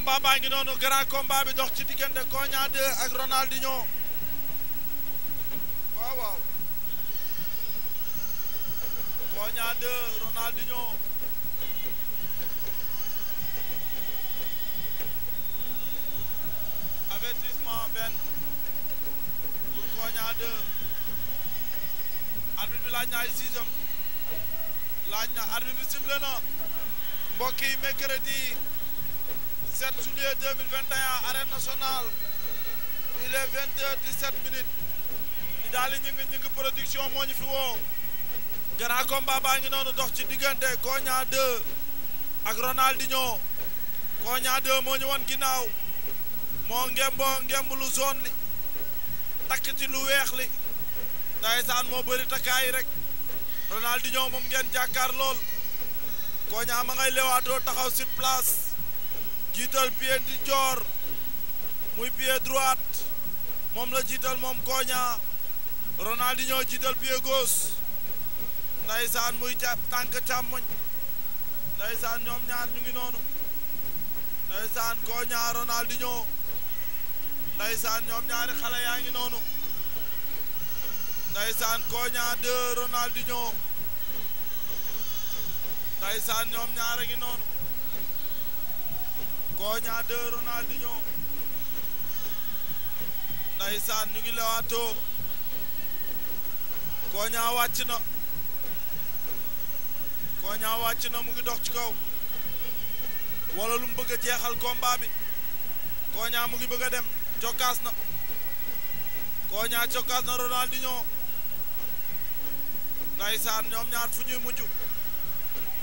combat baa ngi noonu grand combat bi dox ci diggante Konia 2 ak Ronaldinho waaw waaw Konia 2 Ronaldinho avertissement benn pour Konia bi laaj na ay sixième bi sifflé na mbokk yi mercredi 17 juillet 2021 arène nationale il est 20 heures di daal moo ñu fi woo grand noonu dox ci diggante Konia 2 ak Ronaldinho Konia 2 moo ñu won ginnaaw moo ngemboo ngemb lu zone li takk ci lu weex li ndaysaan moo bëri takkaay rek Ronaldinho moom ngeen jàkkaar lool Konia ma ngay lewaatoo taxaw sur place jiital pied ndijoor muy pied droite moom la jiital moom Koña Ronaldinho jiital pied gauche ndaysaan muy jàpp tànk càmmoñ ndaysaan ñoom ñaar ñu ngi noonu ndaysaan Koña Ronaldinho ndaysaan ñoom ñaari xale yaa ngi noonu ndaysaan Koña de Ronaldinho ndaysaan ñoom ñaar a ngi noonu Koña 2 Ronaldinho ndaysaan ñu ngi lewaatoo Koña wàcc Koña wàcc na mu ngi dox ci kaw wala lu mu bëgg a jeexal combat bi Koña mu ngi bëgg a dem cokkaas na Koña cokkaas na Ronaldinho ndaysaan ñoom ñaar fu ñuy mujj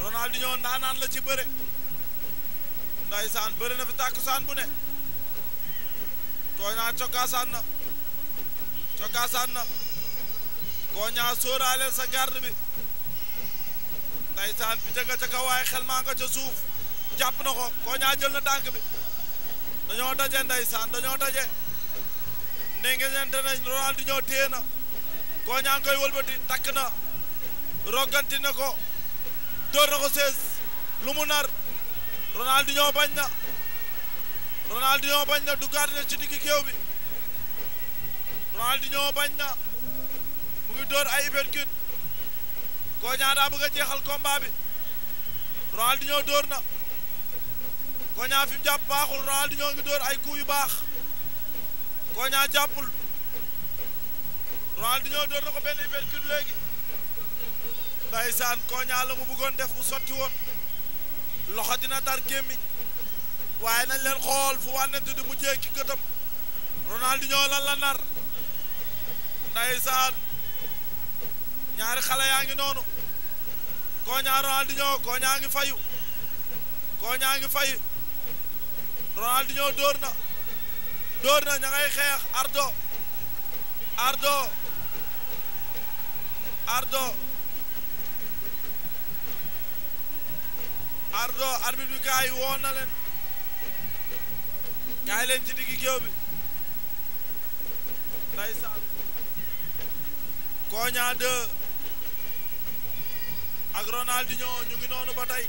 Ronaldinho ndaanaan la ci bëre ndeysaan bëri na fi tàkkusaan bu ne Koña cokkaasaan na cokkaasaan na Koña sóoraaleel sa garde bi ndeysaan bi nga ca kaw waaye xel maa jàpp na ko Koña jël na tànk bi dañoo daje ndeysaan dañoo daje ndingeñente nañ Ronaldinho téye na Koña koy wëlbati takk na roganti na ko dóor na ko sees lu nar Ronaldinho bañ na Ronaldinho bañ na duggaat na ci digg géew bi Ronaldinho bañ na mu ngi dóor ay uppercut Koña daa bëgg jeexal combat bi Ronaldinho dóor na Koña fi mu jàpp baaxul Ronaldinho ngi dóor ay coups yu baax Koña jàppul Ronaldinho dóor na ko benn uppercut léegi ndeysaan Koña la mu bëggoon def mu sotti woon loxo dina dar gémmiñ waaye nañ leen xool fu wànnent di mujjee ki gëtam Ronaldinho lan la nar ndeysaan ñaari xale yaa ngi noonu Koña Ronaldinho Koña ngi fayu Koña ngi fayu Ronaldinho dóor na dóor na ña ngay Ardo Ardo Ardo ardo arbitre ci diggi géew bi ndeysaan Konia 2 ak Ronaldinho ñu ngi noonu ba tey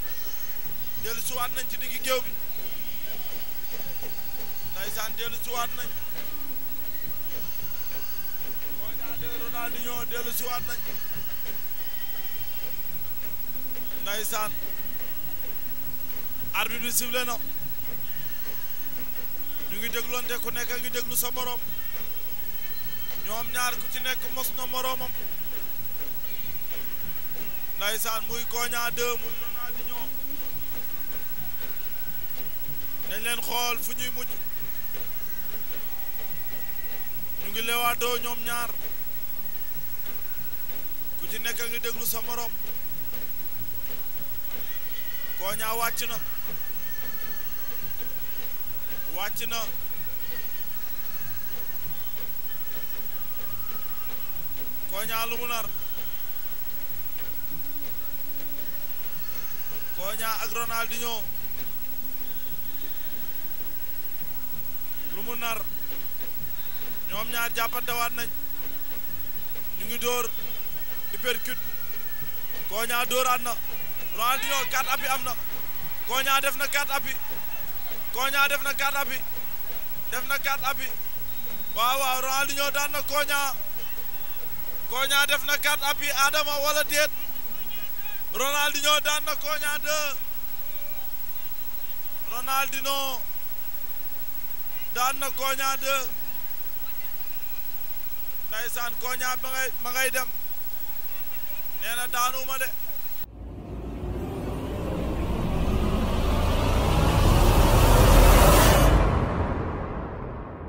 dellu nañ ci diggi géew bi ndeysaan dellu siwaat nañ Konia 2 Ronaldinho dellu siwaat nañ ndeysaan arbitre bi sifflé na ñu ngi dégloonte ku nekk ngi déglu sa moroom ñoom ñaar ku ci nekk mos na moroomam ndaysaan muy Konia 2 muy Ronaldinho nañ leen xool fu ñuy mujj ñu ngi leewaatoo ñoom ñaar ku ci nekk ngi déglu sa moroom koña wàcc na wàcc na koña lu mu nar koña ak Ronaldinho lu mu nar ñoom ñaar jàppantewaat nañ ñu dóor uppercut koña dóoraat na Ronaldinho quatre appuis am na Koña def na quatre appuis def na quatre appuis def na daan na Koña Koña def na quatre appuis Adama wala déet Ronaldinho daan na Koña deux Ronaldinho daan na Koña deux ndaysaan Koña ma ngay ma dem nee na de